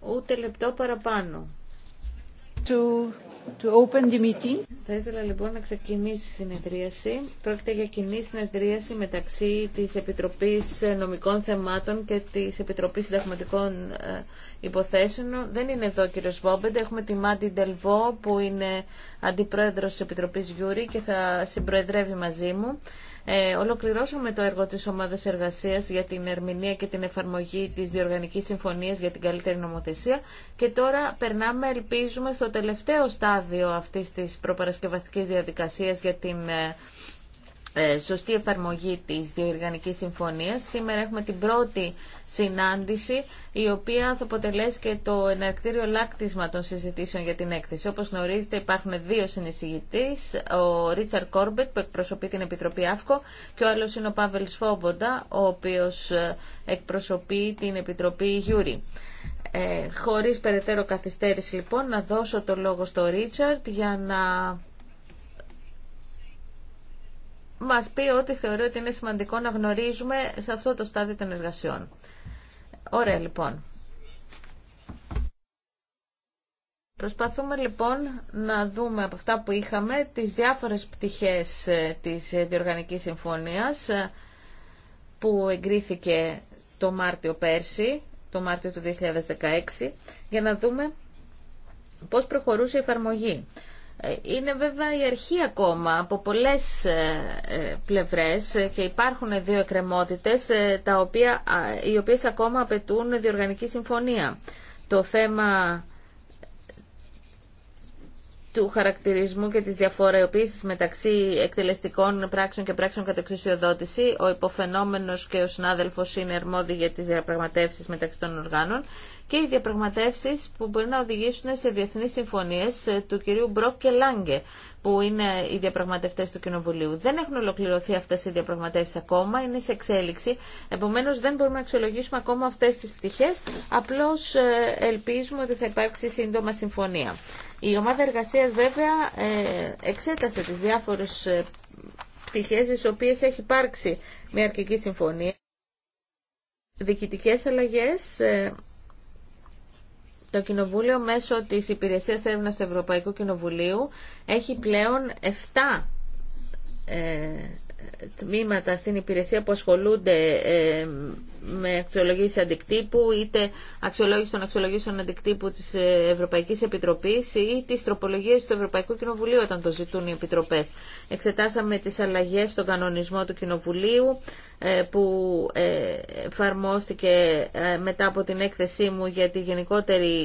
Ούτε λεπτό παραπάνω. To, to open the meeting. Θα ήθελα λοιπόν να ξεκινήσει η συνεδρίαση. Πρόκειται για κοινή συνεδρίαση μεταξύ της Επιτροπής Νομικών Θεμάτων και της Επιτροπής Συνταγματικών ε, Υποθέσεων. Δεν είναι εδώ ο κύριος Βόμπεντ. Έχουμε τη Μάντι Ντελβό που είναι αντιπρόεδρος της Επιτροπής Γιούρη και θα συμπροεδρεύει μαζί μου. Ε, ολοκληρώσαμε το έργο της Ομάδας Εργασίας για την ερμηνεία και την εφαρμογή της Διοργανικής Συμφωνίας για την καλύτερη νομοθεσία και τώρα περνάμε, ελπίζουμε, στο τελευταίο στάδιο αυτής της προπαρασκευαστικής διαδικασίας για την ε, ε, σωστή εφαρμογή της Διοργανικής Συμφωνίας. Σήμερα έχουμε την πρώτη συνάντηση η οποία θα αποτελέσει και το εναρκτήριο λάκτισμα των συζητήσεων για την έκθεση. Όπως γνωρίζετε υπάρχουν δύο συνεισηγητές, ο Ρίτσαρ Κόρμπετ που εκπροσωπεί την Επιτροπή ΑΦΚΟ και ο άλλος είναι ο Πάβελ Σφόμποντα ο οποίος ε, εκπροσωπεί την Επιτροπή Γιούρι. Ε, χωρίς περαιτέρω καθυστέρηση λοιπόν να δώσω το λόγο στο Ρίτσαρτ για να μας πει ότι θεωρεί ότι είναι σημαντικό να γνωρίζουμε σε αυτό το στάδιο των εργασιών. Ωραία λοιπόν. Προσπαθούμε λοιπόν να δούμε από αυτά που είχαμε τις διάφορες πτυχές ε, της Διοργανικής Συμφωνίας ε, που εγκρίθηκε το Μάρτιο πέρσι, το Μάρτιο του 2016, για να δούμε πώς προχωρούσε η εφαρμογή. Είναι βέβαια η αρχή ακόμα από πολλές ε, ε, πλευρές και υπάρχουν δύο εκκρεμότητες ε, τα οποία, οι οποίες ακόμα απαιτούν διοργανική συμφωνία. Το θέμα του χαρακτηρισμού και της διαφοροποίησης μεταξύ εκτελεστικών πράξεων και πράξεων κατά εξουσιοδότηση. Ο υποφαινόμενος και ο συνάδελφος είναι αρμόδιοι για τις διαπραγματεύσεις μεταξύ των οργάνων και οι διαπραγματεύσει που μπορεί να οδηγήσουν σε διεθνεί συμφωνίε ε, του κυρίου Μπροκ και Λάγκε που είναι οι διαπραγματευτέ του Κοινοβουλίου. Δεν έχουν ολοκληρωθεί αυτέ οι διαπραγματεύσει ακόμα, είναι σε εξέλιξη. Επομένω, δεν μπορούμε να αξιολογήσουμε ακόμα αυτέ τι πτυχέ. Απλώ ε, ελπίζουμε ότι θα υπάρξει σύντομα συμφωνία. Η ομάδα εργασία, βέβαια, ε, εξέτασε τι διάφορε πτυχέ, τι οποίε έχει υπάρξει μια αρχική συμφωνία. Διοικητικές αλλαγέ. Το Κοινοβούλιο μέσω της Υπηρεσίας Έρευνας του Ευρωπαϊκού Κοινοβουλίου έχει πλέον 7 ε, τμήματα στην υπηρεσία που ασχολούνται ε, με αξιολογήσει αντικτύπου, είτε αξιολόγηση των αξιολογήσεων αντικτύπου της ε, Ευρωπαϊκής Επιτροπής ή τις τροπολογίες του Ευρωπαϊκού Κοινοβουλίου όταν το ζητούν οι επιτροπές. Εξετάσαμε τις αλλαγές στον κανονισμό του Κοινοβουλίου που εφαρμόστηκε μετά από την έκθεσή μου για τη γενικότερη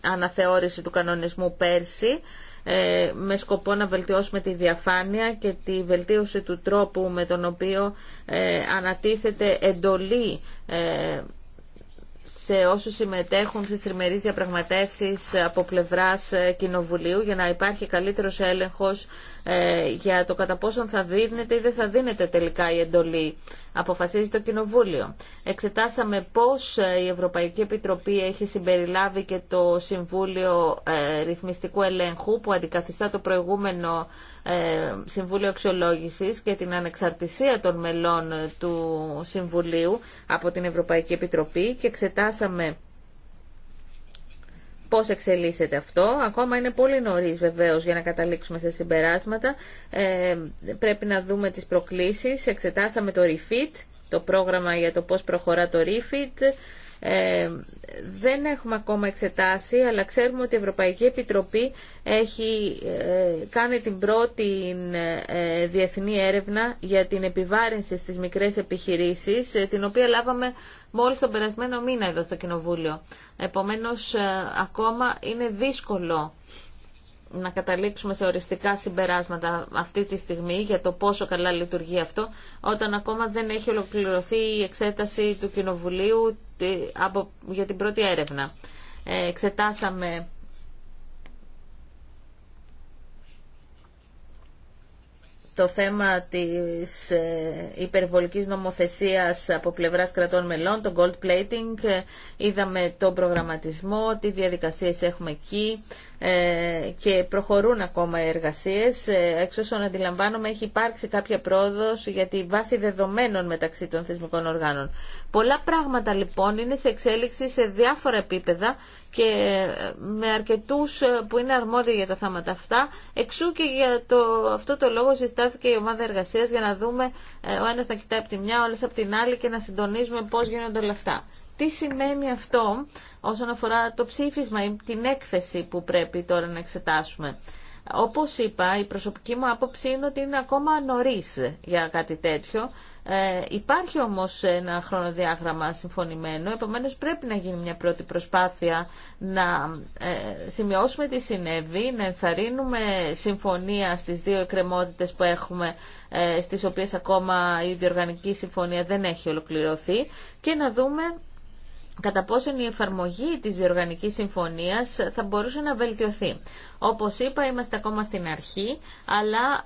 αναθεώρηση του κανονισμού πέρσι. Ε, με σκοπό να βελτιώσουμε τη διαφάνεια και τη βελτίωση του τρόπου με τον οποίο ε, ανατίθεται εντολή ε, σε όσους συμμετέχουν στις τριμερείς διαπραγματεύσεις από πλευράς ε, Κοινοβουλίου για να υπάρχει καλύτερος έλεγχος ε, για το κατά πόσον θα δίνεται ή δεν θα δίνεται τελικά η εντολή. Αποφασίζει το Κοινοβούλιο. Εξετάσαμε πώς ε, η Ευρωπαϊκή Επιτροπή έχει συμπεριλάβει και το Συμβούλιο Ρυθμιστικού Ελέγχου που αντικαθιστά το προηγούμενο ε, Συμβούλιο Αξιολόγησης και την ανεξαρτησία των μελών του Συμβουλίου από την Ευρωπαϊκή Επιτροπή και εξετάσαμε πώς εξελίσσεται αυτό. Ακόμα είναι πολύ νωρίς βεβαίως για να καταλήξουμε σε συμπεράσματα. Ε, πρέπει να δούμε τις προκλήσεις. Εξετάσαμε το REFIT, το πρόγραμμα για το πώς προχωρά το REFIT. Ε, δεν έχουμε ακόμα εξετάσει, αλλά ξέρουμε ότι η Ευρωπαϊκή Επιτροπή έχει ε, κάνει την πρώτη ε, διεθνή έρευνα για την επιβάρυνση στις μικρές επιχειρήσεις, την οποία λάβαμε μόλις τον περασμένο μήνα εδώ στο Κοινοβούλιο. Επομένως, ακόμα είναι δύσκολο να καταλήξουμε σε οριστικά συμπεράσματα αυτή τη στιγμή για το πόσο καλά λειτουργεί αυτό, όταν ακόμα δεν έχει ολοκληρωθεί η εξέταση του Κοινοβουλίου για την πρώτη έρευνα. Ε, εξετάσαμε το θέμα της ε, υπερβολικής νομοθεσίας από πλευράς κρατών μελών, το gold plating, ε, είδαμε τον προγραμματισμό, τι διαδικασίες έχουμε εκεί ε, και προχωρούν ακόμα οι εργασίες. Εξ όσων αντιλαμβάνομαι έχει υπάρξει κάποια πρόοδος για τη βάση δεδομένων μεταξύ των θεσμικών οργάνων. Πολλά πράγματα λοιπόν είναι σε εξέλιξη σε διάφορα επίπεδα και με αρκετούς που είναι αρμόδιοι για τα θέματα αυτά, εξού και για το, αυτό το λόγο και η ομάδα εργασία για να δούμε ε, ο ένα να κοιτάει από τη μια, ο άλλο από την άλλη και να συντονίζουμε πώ γίνονται όλα αυτά. Τι σημαίνει αυτό όσον αφορά το ψήφισμα ή την έκθεση που πρέπει τώρα να εξετάσουμε. Όπως είπα, η προσωπική μου άποψη είναι ότι είναι ακόμα νωρίς για κάτι τέτοιο ε, υπάρχει όμως ένα χρονοδιάγραμμα συμφωνημένο, επομένως πρέπει να γίνει μια πρώτη προσπάθεια να ε, σημειώσουμε τι συνέβη, να ενθαρρύνουμε συμφωνία στις δύο εκκρεμότητες που έχουμε, ε, στις οποίες ακόμα η διοργανική συμφωνία δεν έχει ολοκληρωθεί και να δούμε κατά πόσον η εφαρμογή της διοργανικής συμφωνίας θα μπορούσε να βελτιωθεί. Όπως είπα, είμαστε ακόμα στην αρχή, αλλά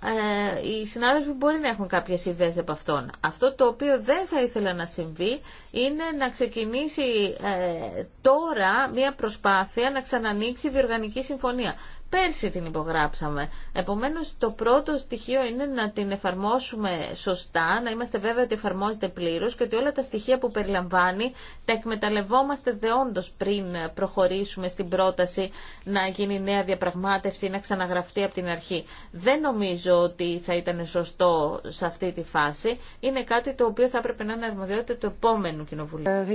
ε, οι συνάδελφοι μπορεί να έχουν κάποιες ιδέες από αυτόν. Αυτό το οποίο δεν θα ήθελα να συμβεί είναι να ξεκινήσει ε, τώρα μια προσπάθεια να ξανανοίξει η διοργανική συμφωνία πέρσι την υπογράψαμε. Επομένως το πρώτο στοιχείο είναι να την εφαρμόσουμε σωστά, να είμαστε βέβαιοι ότι εφαρμόζεται πλήρως και ότι όλα τα στοιχεία που περιλαμβάνει τα εκμεταλλευόμαστε δεόντως πριν προχωρήσουμε στην πρόταση να γίνει νέα διαπραγμάτευση ή να ξαναγραφτεί από την αρχή. Δεν νομίζω ότι θα ήταν σωστό σε αυτή τη φάση. Είναι κάτι το οποίο θα έπρεπε να είναι αρμοδιότητα του επόμενου κοινοβουλίου.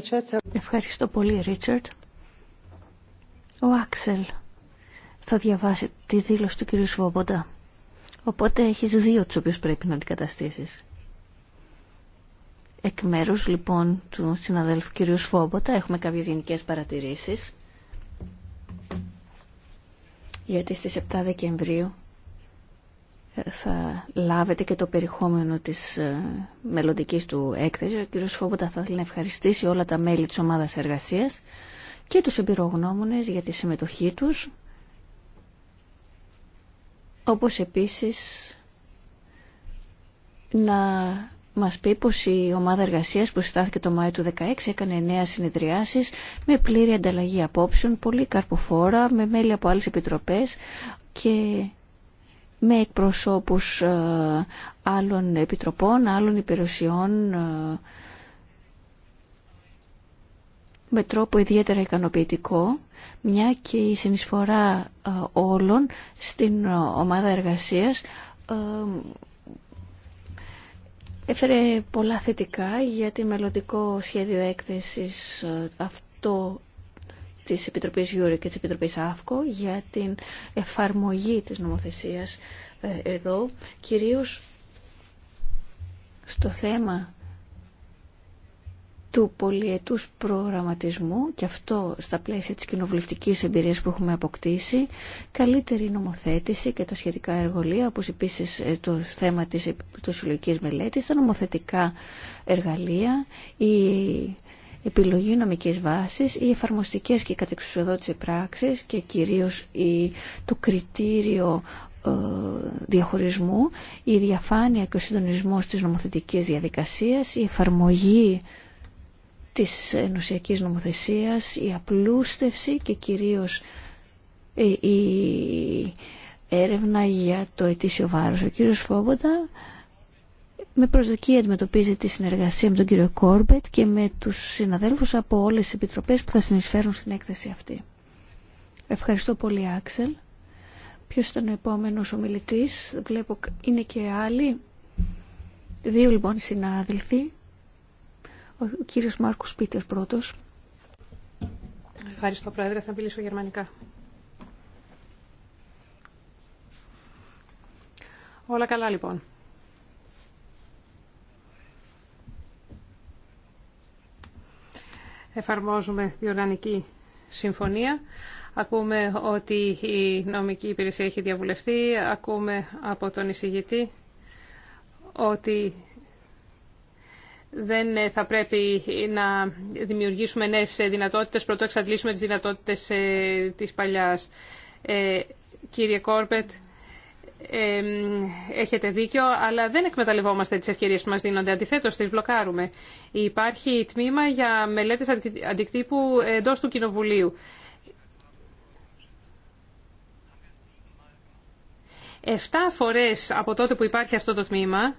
Ευχαριστώ πολύ, Ρίτσαρτ. Ο Άξελ θα διαβάσει τη δήλωση του κυρίου Σβόμποντα. Οπότε έχεις δύο τους οποίους πρέπει να αντικαταστήσεις. Εκ μέρους λοιπόν του συναδέλφου κυρίου Σφόμποτα έχουμε κάποιες γενικές παρατηρήσεις γιατί στις 7 Δεκεμβρίου ε, θα λάβετε και το περιεχόμενο της ε, μελλοντική του έκθεσης. Ο κύριος Φόμποτα θα θέλει να ευχαριστήσει όλα τα μέλη της ομάδας εργασίας και τους εμπειρογνώμονες για τη συμμετοχή τους όπως επίσης να μας πει πως η ομάδα εργασίας που στάθηκε το Μάιο του 2016 έκανε νέα συνεδριάσεις με πλήρη ανταλλαγή απόψεων, πολύ καρποφόρα, με μέλη από άλλες επιτροπές και με εκπροσώπους ε, άλλων επιτροπών, άλλων υπηρεσιών ε, με τρόπο ιδιαίτερα ικανοποιητικό, μια και η συνεισφορά ε, όλων στην ε, ομάδα εργασίας ε, έφερε πολλά θετικά για τη μελλοντικό σχέδιο έκθεσης αυτό της Επιτροπής Γιούρη και της Επιτροπής ΑΦΚΟ για την εφαρμογή της νομοθεσίας εδώ, κυρίως στο θέμα του πολιετούς προγραμματισμού και αυτό στα πλαίσια της κοινοβουλευτική εμπειρίας που έχουμε αποκτήσει, καλύτερη νομοθέτηση και τα σχετικά εργολεία, όπως επίσης ε, το θέμα της συλλογικής μελέτης, τα νομοθετικά εργαλεία, η επιλογή νομικής βάσης, οι εφαρμοστικές και κατεξουσιοδότηση πράξεις και κυρίως το κριτήριο ε, διαχωρισμού, η διαφάνεια και ο συντονισμός της νομοθετικής διαδικασίας, η εφαρμογή της ενωσιακής νομοθεσίας, η απλούστευση και κυρίως ε, η έρευνα για το ετήσιο βάρος. Ο κύριος Φόβοντα με προσδοκία αντιμετωπίζει τη συνεργασία με τον κύριο Κόρμπετ και με τους συναδέλφους από όλες τις επιτροπές που θα συνεισφέρουν στην έκθεση αυτή. Ευχαριστώ πολύ Άξελ. Ποιος ήταν ο επόμενος ομιλητής. Βλέπω είναι και άλλοι. Δύο λοιπόν συνάδελφοι. Ο κύριος Μάρκος Πίτερ πρώτος. Ευχαριστώ Πρόεδρε, θα μιλήσω γερμανικά. Όλα καλά λοιπόν. Εφαρμόζουμε διοργανική συμφωνία. Ακούμε ότι η νομική υπηρεσία έχει διαβουλευτεί. Ακούμε από τον εισηγητή ότι δεν ε, θα πρέπει να δημιουργήσουμε νέες ε, δυνατότητες πρωτού εξαντλήσουμε τις δυνατότητες ε, της παλιάς. Κύριε Κόρπετ, έχετε δίκιο, αλλά δεν εκμεταλλευόμαστε τις ευκαιρίες που μας δίνονται. Αντιθέτως, τις μπλοκάρουμε. Υπάρχει τμήμα για μελέτες αντικτύπου εντό του Κοινοβουλίου. Εφτά φορές από τότε που υπάρχει αυτό το τμήμα,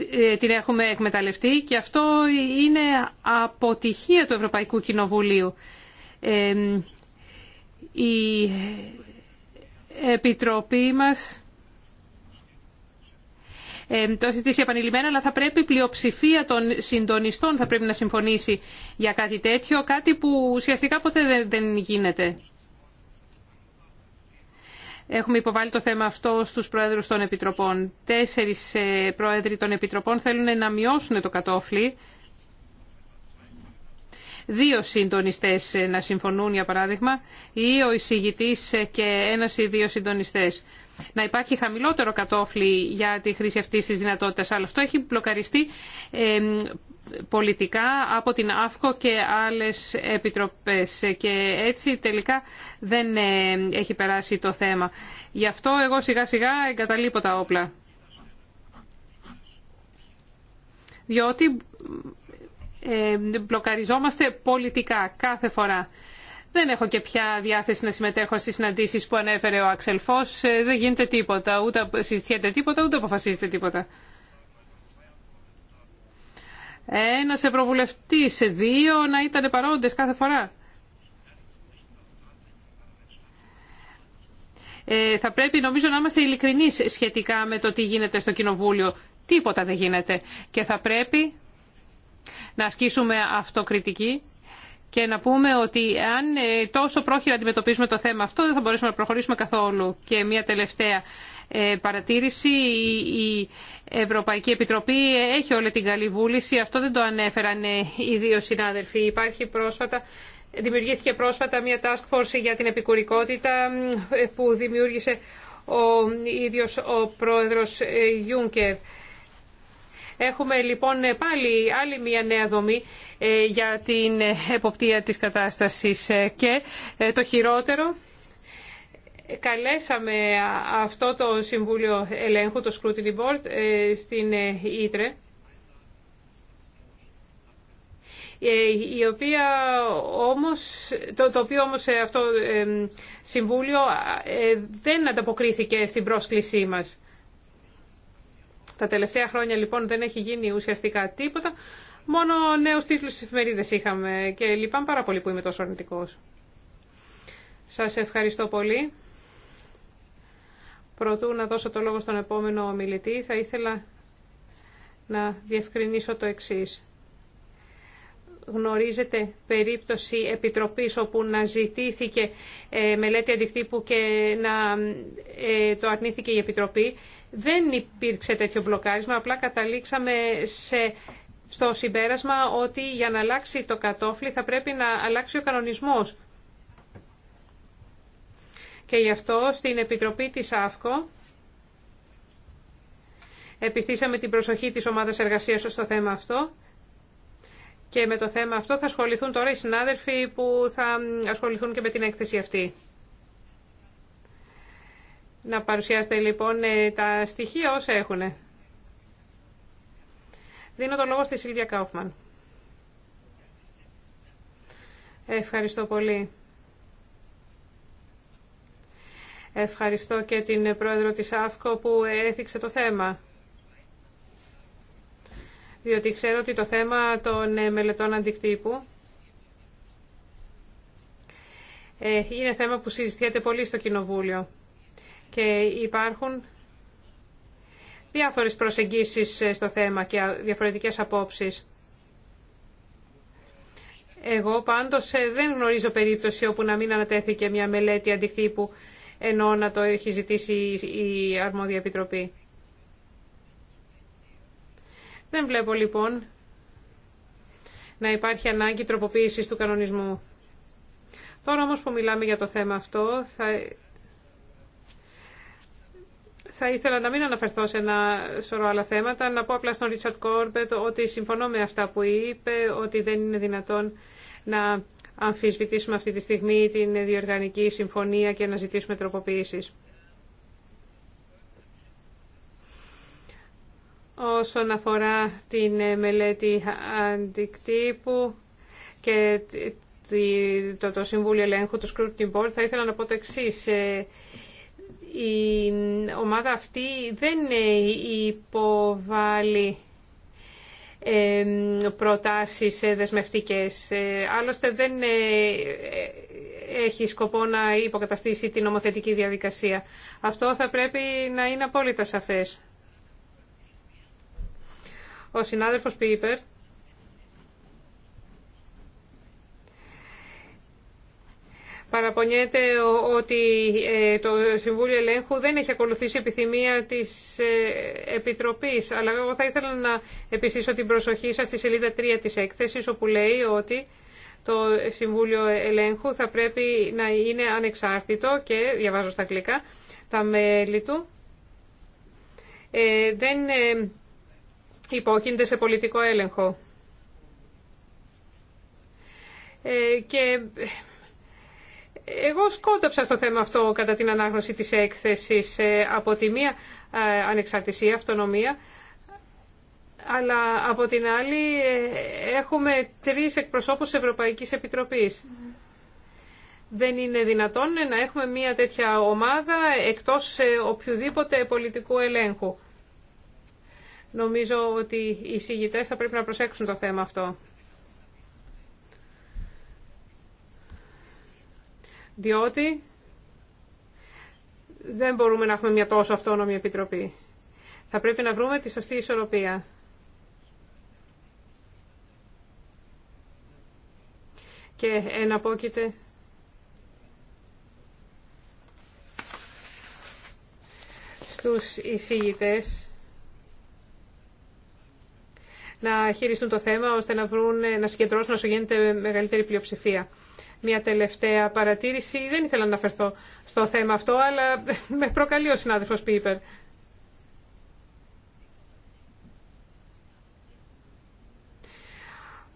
Ε, την έχουμε εκμεταλλευτεί και αυτό είναι αποτυχία του Ευρωπαϊκού Κοινοβουλίου. Ε, η Επιτροπή μας ε, το έχει ζητήσει επανειλημμένα, αλλά θα πρέπει η πλειοψηφία των συντονιστών θα πρέπει να συμφωνήσει για κάτι τέτοιο, κάτι που ουσιαστικά ποτέ δεν γίνεται. Έχουμε υποβάλει το θέμα αυτό στους πρόεδρους των επιτροπών. Τέσσερις ε, πρόεδροι των επιτροπών θέλουν να μειώσουν το κατόφλι. Δύο συντονιστές ε, να συμφωνούν, για παράδειγμα, ή ο εισηγητής ε, και ένας ή δύο συντονιστές. Να υπάρχει χαμηλότερο κατόφλι για τη χρήση αυτής της δυνατότητας, αλλά αυτό έχει μπλοκαριστεί πολιτικά από την ΑΦΚΟ και άλλες επιτροπές και έτσι τελικά δεν ε, έχει περάσει το θέμα. Γι' αυτό εγώ σιγά σιγά εγκαταλείπω τα όπλα. Διότι ε, μπλοκαριζόμαστε πολιτικά κάθε φορά. Δεν έχω και πια διάθεση να συμμετέχω στις συναντήσεις που ανέφερε ο Αξελφός. Ε, δεν γίνεται τίποτα, ούτε συζητιέται τίποτα, ούτε αποφασίζεται τίποτα ένας ευρωβουλευτής σε δύο να ήταν παρόντες κάθε φορά. Ε, θα πρέπει νομίζω να είμαστε ειλικρινεί σχετικά με το τι γίνεται στο Κοινοβούλιο. Τίποτα δεν γίνεται. Και θα πρέπει να ασκήσουμε αυτοκριτική και να πούμε ότι αν ε, τόσο πρόχειρα αντιμετωπίζουμε το θέμα αυτό δεν θα μπορέσουμε να προχωρήσουμε καθόλου. Και μια τελευταία ε, παρατήρηση. Η Ευρωπαϊκή Επιτροπή έχει όλη την καλή βούληση. Αυτό δεν το ανέφεραν ε, οι δύο συνάδελφοι. Υπάρχει πρόσφατα Δημιουργήθηκε πρόσφατα μια task force για την επικουρικότητα που δημιούργησε ο ίδιος ο πρόεδρος Γιούνκερ. Έχουμε λοιπόν πάλι άλλη μια νέα δομή ε, για την εποπτεία της κατάστασης ε, και ε, το χειρότερο καλέσαμε αυτό το Συμβούλιο Ελέγχου, το Scrutiny Board, στην Ήτρε, η οποία όμως, το, το οποίο όμως αυτό το Συμβούλιο δεν ανταποκρίθηκε στην πρόσκλησή μας. Τα τελευταία χρόνια λοιπόν δεν έχει γίνει ουσιαστικά τίποτα. Μόνο νέου τίτλου στι εφημερίδε είχαμε και λυπάμαι πάρα πολύ που είμαι τόσο αρνητικό. Σα ευχαριστώ πολύ. Προτού να δώσω το λόγο στον επόμενο μιλητή, θα ήθελα να διευκρινίσω το εξή. Γνωρίζετε περίπτωση επιτροπής όπου να ζητήθηκε ε, μελέτη αντικτύπου και να ε, το αρνήθηκε η επιτροπή. Δεν υπήρξε τέτοιο μπλοκάρισμα, απλά καταλήξαμε σε, στο συμπέρασμα ότι για να αλλάξει το κατόφλι θα πρέπει να αλλάξει ο κανονισμός. Και γι' αυτό στην Επιτροπή της ΑΦΚΟ επιστήσαμε την προσοχή της ομάδας εργασίας στο θέμα αυτό. Και με το θέμα αυτό θα ασχοληθούν τώρα οι συνάδελφοι που θα ασχοληθούν και με την έκθεση αυτή. Να παρουσιάσετε λοιπόν ε, τα στοιχεία όσα έχουν. Δίνω το λόγο στη Σίλβια Κάουφμαν. Ευχαριστώ πολύ. Ευχαριστώ και την πρόεδρο της ΑΦΚΟ που έθιξε το θέμα. Διότι ξέρω ότι το θέμα των ε, μελετών αντικτύπου ε, είναι θέμα που συζητιέται πολύ στο Κοινοβούλιο και υπάρχουν διάφορες προσεγγίσεις ε, στο θέμα και διαφορετικές απόψεις. Εγώ πάντως ε, δεν γνωρίζω περίπτωση όπου να μην ανατέθηκε μια μελέτη αντικτύπου ενώ να το έχει ζητήσει η αρμόδια επιτροπή. Δεν βλέπω λοιπόν να υπάρχει ανάγκη τροποποίησης του κανονισμού. Τώρα όμως που μιλάμε για το θέμα αυτό θα ήθελα να μην αναφερθώ σε ένα σωρό άλλα θέματα, να πω απλά στον Ρίτσαρτ Κόρμπετ ότι συμφωνώ με αυτά που είπε, ότι δεν είναι δυνατόν να αμφισβητήσουμε αυτή τη στιγμή την διοργανική συμφωνία και να ζητήσουμε τροποποιήσεις. Όσον αφορά την μελέτη αντικτύπου και το, το Συμβούλιο Ελέγχου, το Scrutiny Board, θα ήθελα να πω το εξή. Ε, η ομάδα αυτή δεν ε, υποβάλλει προτάσεις ε, δεσμευτικές. Ε, άλλωστε δεν έχει σκοπό να υποκαταστήσει την νομοθετική διαδικασία. Αυτό θα πρέπει να είναι απόλυτα σαφές. Ο συνάδελφος Πίπερ παραπονιέται ότι ε, το Συμβούλιο Ελέγχου δεν έχει ακολουθήσει επιθυμία της ε, Επιτροπής. Αλλά εγώ θα ήθελα να επιστήσω την προσοχή σας στη σελίδα 3 της έκθεσης, όπου λέει ότι το Συμβούλιο Ελέγχου θα πρέπει να είναι ανεξάρτητο και, διαβάζω στα αγγλικά, τα μέλη του ε, δεν υπόκεινται σε πολιτικό έλεγχο. Και εγώ σκόνταψα στο θέμα αυτό κατά την ανάγνωση της έκθεσης ε, από τη μία ε, ανεξαρτησία, αυτονομία, αλλά από την άλλη ε, έχουμε τρεις εκπροσώπους Ευρωπαϊκής Επιτροπής. Δεν είναι δυνατόν να έχουμε μία τέτοια ομάδα εκτός οποιοδήποτε πολιτικού ελέγχου. Νομίζω ότι οι συγητές θα πρέπει να προσέξουν το θέμα αυτό. διότι δεν μπορούμε να έχουμε μια τόσο αυτόνομη επιτροπή. Θα πρέπει να βρούμε τη σωστή ισορροπία. Και εναπόκειται στους εισηγητές να χειριστούν το θέμα ώστε να, βρουν, να συγκεντρώσουν όσο γίνεται μεγαλύτερη πλειοψηφία. Μια τελευταία παρατήρηση. Δεν ήθελα να αναφερθώ στο θέμα αυτό, αλλά με προκαλεί ο συνάδελφος Πίπερ.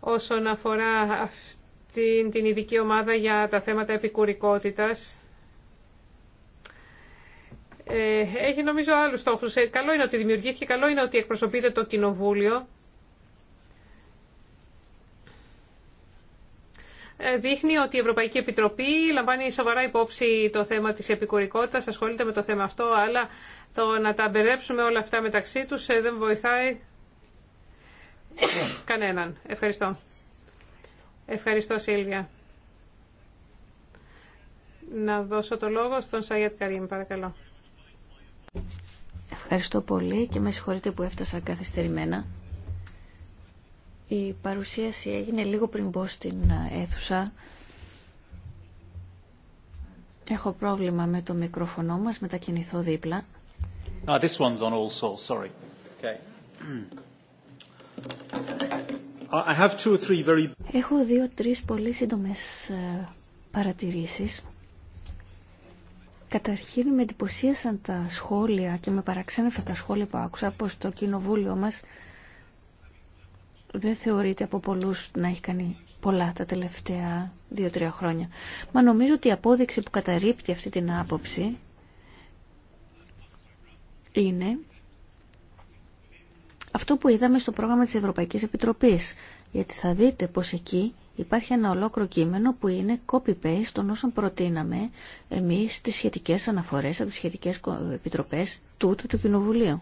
Όσον αφορά αυτήν την ειδική ομάδα για τα θέματα επικουρικότητας, ε, έχει νομίζω άλλους στόχους. Ε, καλό είναι ότι δημιουργήθηκε, καλό είναι ότι εκπροσωπείται το Κοινοβούλιο. Ε, δείχνει ότι η Ευρωπαϊκή Επιτροπή λαμβάνει σοβαρά υπόψη το θέμα της επικουρικότητας, ασχολείται με το θέμα αυτό, αλλά το να τα μπερδέψουμε όλα αυτά μεταξύ τους ε, δεν βοηθάει κανέναν. Ευχαριστώ. Ευχαριστώ Σίλβια. Να δώσω το λόγο στον Σαγιάτ Καρίμ, παρακαλώ. Ευχαριστώ πολύ και με συγχωρείτε που έφτασα καθυστερημένα. Η παρουσίαση έγινε λίγο πριν μπω στην ε, αίθουσα. Έχω πρόβλημα με το μικρόφωνο μας, μετακινηθώ δίπλα. Ah, Έχω δύο-τρεις πολύ σύντομες ε, παρατηρήσεις. Καταρχήν με εντυπωσίασαν τα σχόλια και με παραξένευσαν τα σχόλια που άκουσα πως το κοινοβούλιο μας δεν θεωρείται από πολλούς να έχει κάνει πολλά τα τελευταία δύο-τρία χρόνια. Μα νομίζω ότι η απόδειξη που καταρρύπτει αυτή την άποψη είναι αυτό που είδαμε στο πρόγραμμα της Ευρωπαϊκής Επιτροπής. Γιατί θα δείτε πως εκεί υπάρχει ένα ολόκληρο κείμενο που είναι copy-paste των όσων προτείναμε εμείς τις σχετικές αναφορές από τις σχετικές επιτροπές τούτου του Κοινοβουλίου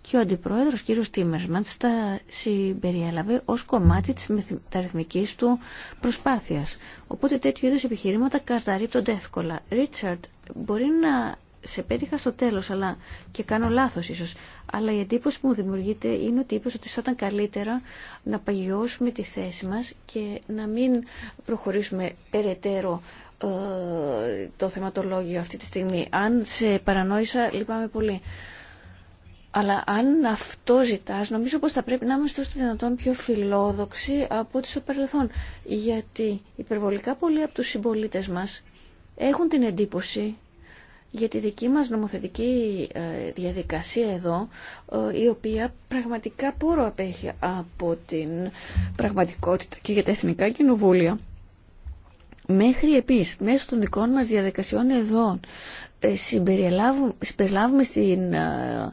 και ο αντιπρόεδρος κύριο Τίμερσμαντ τα συμπεριέλαβε ως κομμάτι της μεταρρυθμικής του προσπάθειας. Οπότε τέτοιου είδους επιχειρήματα κασταρρύπτονται εύκολα. Ρίτσαρντ, μπορεί να σε πέτυχα στο τέλος, αλλά και κάνω λάθος ίσως. Αλλά η εντύπωση που μου δημιουργείται είναι ότι είπες ότι θα ήταν καλύτερα να παγιώσουμε τη θέση μας και να μην προχωρήσουμε περαιτέρω ε, το θεματολόγιο αυτή τη στιγμή. Αν σε παρανόησα, λυπάμαι πολύ. Αλλά αν αυτό ζητά, νομίζω πως θα πρέπει να είμαστε όσο δυνατόν πιο φιλόδοξοι από ό,τι στο παρελθόν. Γιατί υπερβολικά πολλοί από τους συμπολίτε μας έχουν την εντύπωση για τη δική μας νομοθετική ε, διαδικασία εδώ, ε, η οποία πραγματικά πόρο απέχει από την πραγματικότητα και για τα εθνικά κοινοβούλια μέχρι επίσης μέσω των δικών μας διαδικασιών εδώ ε, συμπεριλάβουμε, συμπεριλάβουμε στην ε,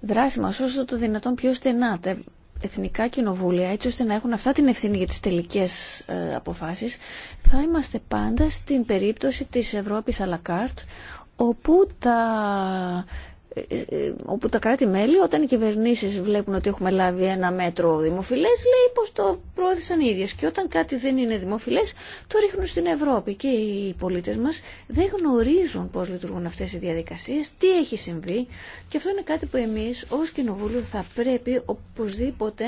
δράση μας όσο το δυνατόν πιο στενά τα εθνικά κοινοβούλια έτσι ώστε να έχουν αυτά την ευθύνη για τις τελικές ε, αποφάσεις θα είμαστε πάντα στην περίπτωση της Ευρώπης Αλακάρτ, όπου τα όπου τα κράτη-μέλη όταν οι κυβερνήσεις βλέπουν ότι έχουμε λάβει ένα μέτρο δημοφιλές λέει πως το προώθησαν οι ίδιες και όταν κάτι δεν είναι δημοφιλές το ρίχνουν στην Ευρώπη και οι πολίτες μας δεν γνωρίζουν πως λειτουργούν αυτές οι διαδικασίες, τι έχει συμβεί και αυτό είναι κάτι που εμείς ως Κοινοβούλιο θα πρέπει οπωσδήποτε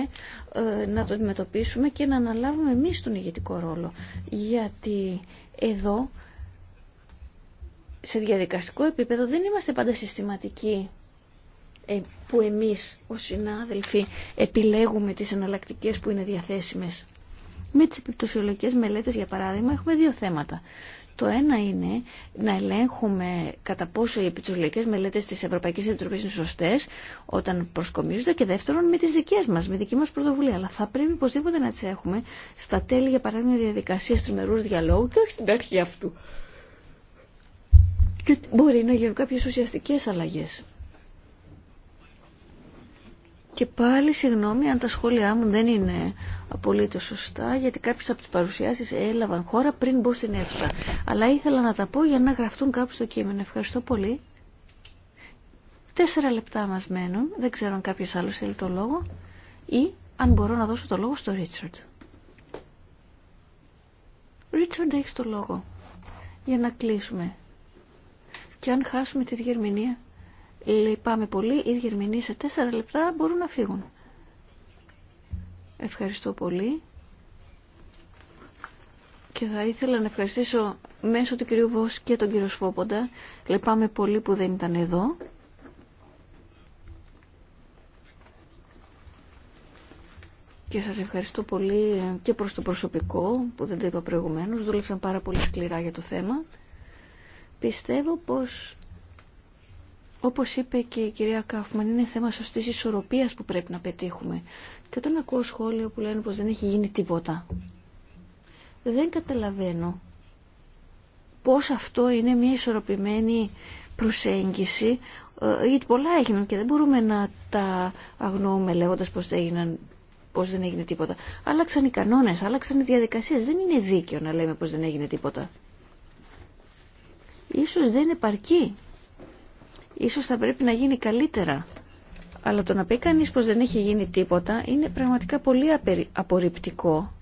ε, να το αντιμετωπίσουμε και να αναλάβουμε εμείς τον ηγετικό ρόλο γιατί εδώ σε διαδικαστικό επίπεδο δεν είμαστε πάντα συστηματικοί ε, που εμείς ως συνάδελφοι επιλέγουμε τις εναλλακτικέ που είναι διαθέσιμες. Με τις επιπτωσιολογικές μελέτες, για παράδειγμα, έχουμε δύο θέματα. Το ένα είναι να ελέγχουμε κατά πόσο οι επιτσολικέ μελέτες τη Ευρωπαϊκή Επιτροπής είναι σωστές όταν προσκομίζονται και δεύτερον με τις δικέ μας, με δική μας πρωτοβουλία. Αλλά θα πρέπει οπωσδήποτε να τις έχουμε στα τέλη, για παράδειγμα, διαδικασία τριμερού διαλόγου και όχι στην αρχή αυτού και μπορεί να γίνουν κάποιες ουσιαστικές αλλαγές. Και πάλι συγγνώμη αν τα σχόλιά μου δεν είναι απολύτως σωστά, γιατί κάποιες από τις παρουσιάσεις έλαβαν χώρα πριν μπω στην αίθουσα. Αλλά ήθελα να τα πω για να γραφτούν κάπου στο κείμενο. Ευχαριστώ πολύ. Τέσσερα λεπτά μας μένουν. Δεν ξέρω αν κάποιος άλλος θέλει το λόγο. Ή αν μπορώ να δώσω το λόγο στο Ρίτσαρντ. Ρίτσαρντ, έχει το λόγο. Για να κλείσουμε. Και αν χάσουμε τη διερμηνία, λυπάμαι πολύ, οι διερμηνοί σε τέσσερα λεπτά μπορούν να φύγουν. Ευχαριστώ πολύ. Και θα ήθελα να ευχαριστήσω μέσω του κυρίου Βος και τον κύριο Σφόποντα. Λυπάμαι πολύ που δεν ήταν εδώ. Και σας ευχαριστώ πολύ και προς το προσωπικό που δεν το είπα προηγουμένως. Δούλεψαν πάρα πολύ σκληρά για το θέμα. Πιστεύω πως, όπως είπε και η κυρία Κάφμαν, είναι θέμα σωστής ισορροπίας που πρέπει να πετύχουμε. Και όταν ακούω σχόλια που λένε πως δεν έχει γίνει τίποτα, δεν καταλαβαίνω πως αυτό είναι μια ισορροπημένη προσέγγιση ε, γιατί πολλά έγιναν και δεν μπορούμε να τα αγνοούμε λέγοντας πως δεν πως δεν έγινε τίποτα. Άλλαξαν οι κανόνες, άλλαξαν οι διαδικασίες. Δεν είναι δίκαιο να λέμε πως δεν έγινε τίποτα ίσως δεν παρκή. Ίσως θα πρέπει να γίνει καλύτερα. Αλλά το να πει κανείς πως δεν έχει γίνει τίποτα είναι πραγματικά πολύ απορριπτικό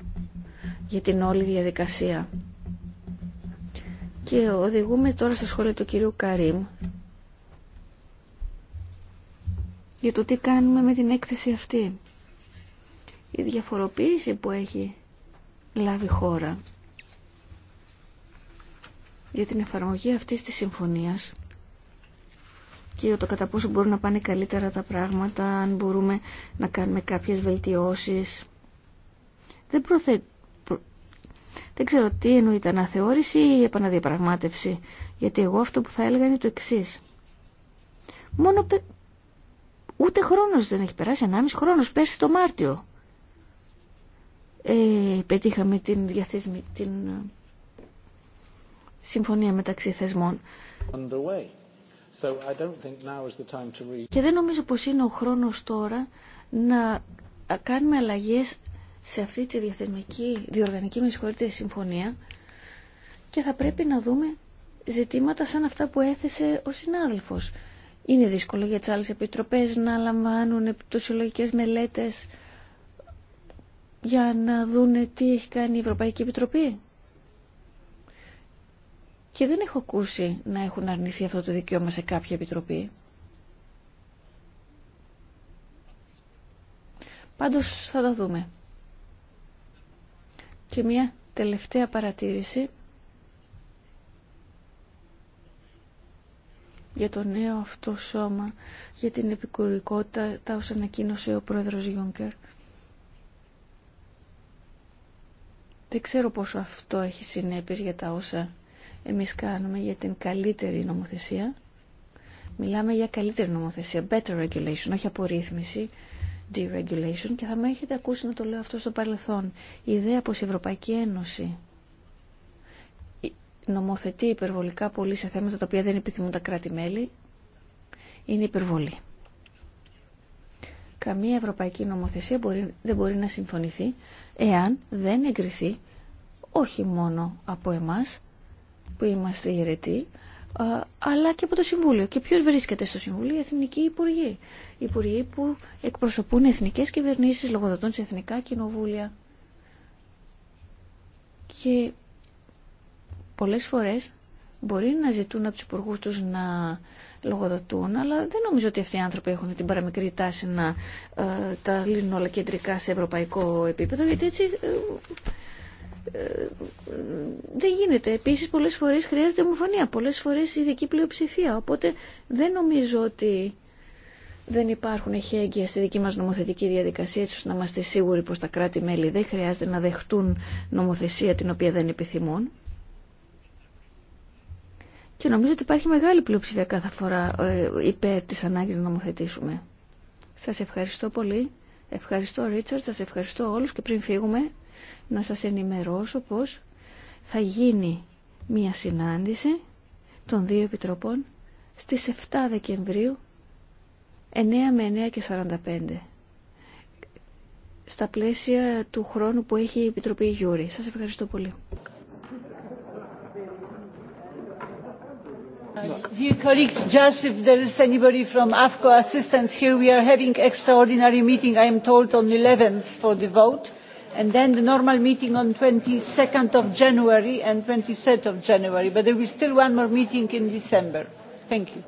για την όλη διαδικασία. Και οδηγούμε τώρα στα σχόλια του κυρίου Καρίμ για το τι κάνουμε με την έκθεση αυτή. Η διαφοροποίηση που έχει λάβει χώρα για την εφαρμογή αυτής της συμφωνίας και για το κατά πόσο μπορούν να πάνε καλύτερα τα πράγματα, αν μπορούμε να κάνουμε κάποιες βελτιώσεις. Δεν, Δεν ξέρω τι εννοείται, αναθεώρηση ή επαναδιαπραγμάτευση. Γιατί εγώ αυτό που θα έλεγα είναι το εξή. Μόνο ούτε χρόνος δεν έχει περάσει, ανάμιση χρόνος πέρσι το Μάρτιο. Ε, πετύχαμε την, διαθέσιμη, την συμφωνία μεταξύ θεσμών. So Και δεν νομίζω πως είναι ο χρόνος τώρα να κάνουμε αλλαγές σε αυτή τη διαθεσμική, διοργανική με συμφωνία και θα πρέπει να δούμε ζητήματα σαν αυτά που έθεσε ο συνάδελφος. Είναι δύσκολο για τι άλλε επιτροπέ, να λαμβάνουν επιτοσιολογικές μελέτες για να δούνε τι έχει κάνει η Ευρωπαϊκή Επιτροπή και δεν έχω ακούσει να έχουν αρνηθεί αυτό το δικαίωμα σε κάποια επιτροπή. Πάντως θα τα δούμε. Και μια τελευταία παρατήρηση για το νέο αυτό σώμα, για την επικουρικότητα, τα όσα ανακοίνωσε ο πρόεδρος Γιούνκερ. Δεν ξέρω πόσο αυτό έχει συνέπειες για τα όσα εμείς κάνουμε για την καλύτερη νομοθεσία. Μιλάμε για καλύτερη νομοθεσία, better regulation, όχι απορρίθμιση, deregulation και θα με έχετε ακούσει να το λέω αυτό στο παρελθόν. Η ιδέα πως η Ευρωπαϊκή Ένωση νομοθετεί υπερβολικά πολύ σε θέματα τα οποία δεν επιθυμούν τα κράτη-μέλη είναι υπερβολή. Καμία ευρωπαϊκή νομοθεσία δεν μπορεί να συμφωνηθεί εάν δεν εγκριθεί όχι μόνο από εμάς που είμαστε ιερετοί, αλλά και από το Συμβούλιο. Και ποιο βρίσκεται στο Συμβούλιο, οι Εθνικοί Υπουργοί. Υπουργοί που εκπροσωπούν εθνικές κυβερνήσει, λογοδοτούν σε εθνικά κοινοβούλια. Και πολλές φορές μπορεί να ζητούν από του υπουργού του να λογοδοτούν, αλλά δεν νομίζω ότι αυτοί οι άνθρωποι έχουν την παραμικρή τάση να ε, τα λύνουν όλα κεντρικά σε ευρωπαϊκό επίπεδο, γιατί έτσι ε, ε, δεν γίνεται. Επίσης πολλές φορές χρειάζεται ομοφωνία, πολλές φορές ειδική πλειοψηφία. Οπότε δεν νομίζω ότι δεν υπάρχουν εχέγγυα στη δική μας νομοθετική διαδικασία έτσι ώστε να είμαστε σίγουροι πως τα κράτη-μέλη δεν χρειάζεται να δεχτούν νομοθεσία την οποία δεν επιθυμούν. Και νομίζω ότι υπάρχει μεγάλη πλειοψηφία κάθε φορά ε, υπέρ της ανάγκης να νομοθετήσουμε. Σας ευχαριστώ πολύ. Ευχαριστώ Ρίτσαρτ, σας ευχαριστώ όλους και πριν φύγουμε να σας ενημερώσω πως θα γίνει μία συνάντηση των δύο επιτροπών στις 7 Δεκεμβρίου 9 με 9 και 45 στα πλαίσια του χρόνου που έχει η Επιτροπή Γιούρη. Σας ευχαριστώ πολύ. Dear colleagues, just if there is anybody from AFCO assistance here, we are having extraordinary meeting, I am told, on 11th for the vote and then the normal meeting on 22nd of January and 23rd of January. But there will still one more meeting in December. Thank you.